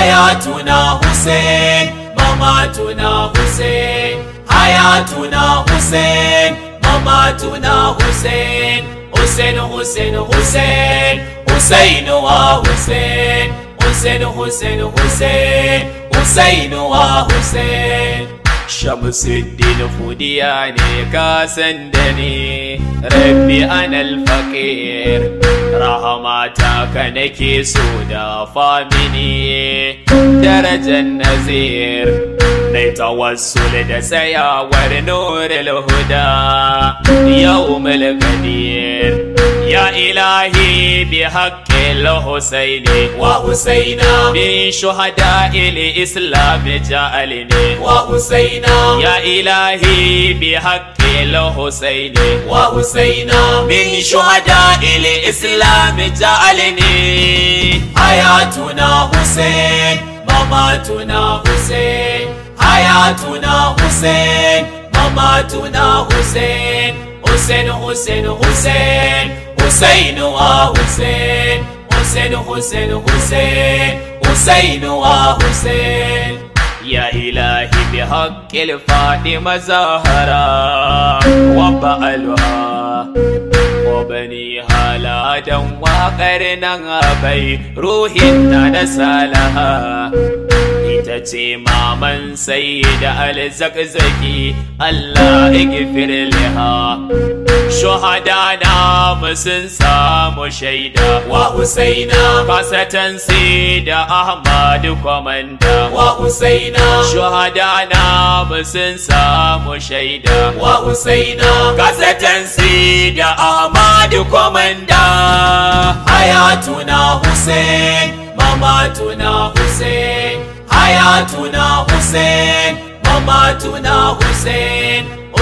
حياتنا حسين مماتنا حسين حياتنا حسين مماتنا حسين حسين حسين حسين حسين وحسين حسين حسين حسين حسين وحسين شمس الدين فودياني كاسندني ربي أنا الفقير rahamata ka nake so da famini darajar nazir na tawassul da tsayawar nurul huda yau mulkadir يا إلهي بحق الحسين وحسين من شهداء الإسلام جعلني وحسين يا إلهي بحق الحسين وحسين من شهداء الإسلام جعلني حياتنا حسين مماتنا حسين حياتنا حسين مماتنا حسين حسين حسين حسين Husainu wa Husainu Husainu Husainu Husainu. Ya ila imi hakkin faɗi mazara wa ba'alwa, ko ba hala dan wa ƙarinan akwai ruhin na da salaha, ita ce maman sai da alzakzaki Allah iki firi shuhada na sun samu shaida wa husaina kasatan da ahmad komanda wa husaina shuhada mu sun samu shaida wa husaina kasatan da ahmad komanda hayatuna husain mamatuna husain hayatuna husain mamatuna husain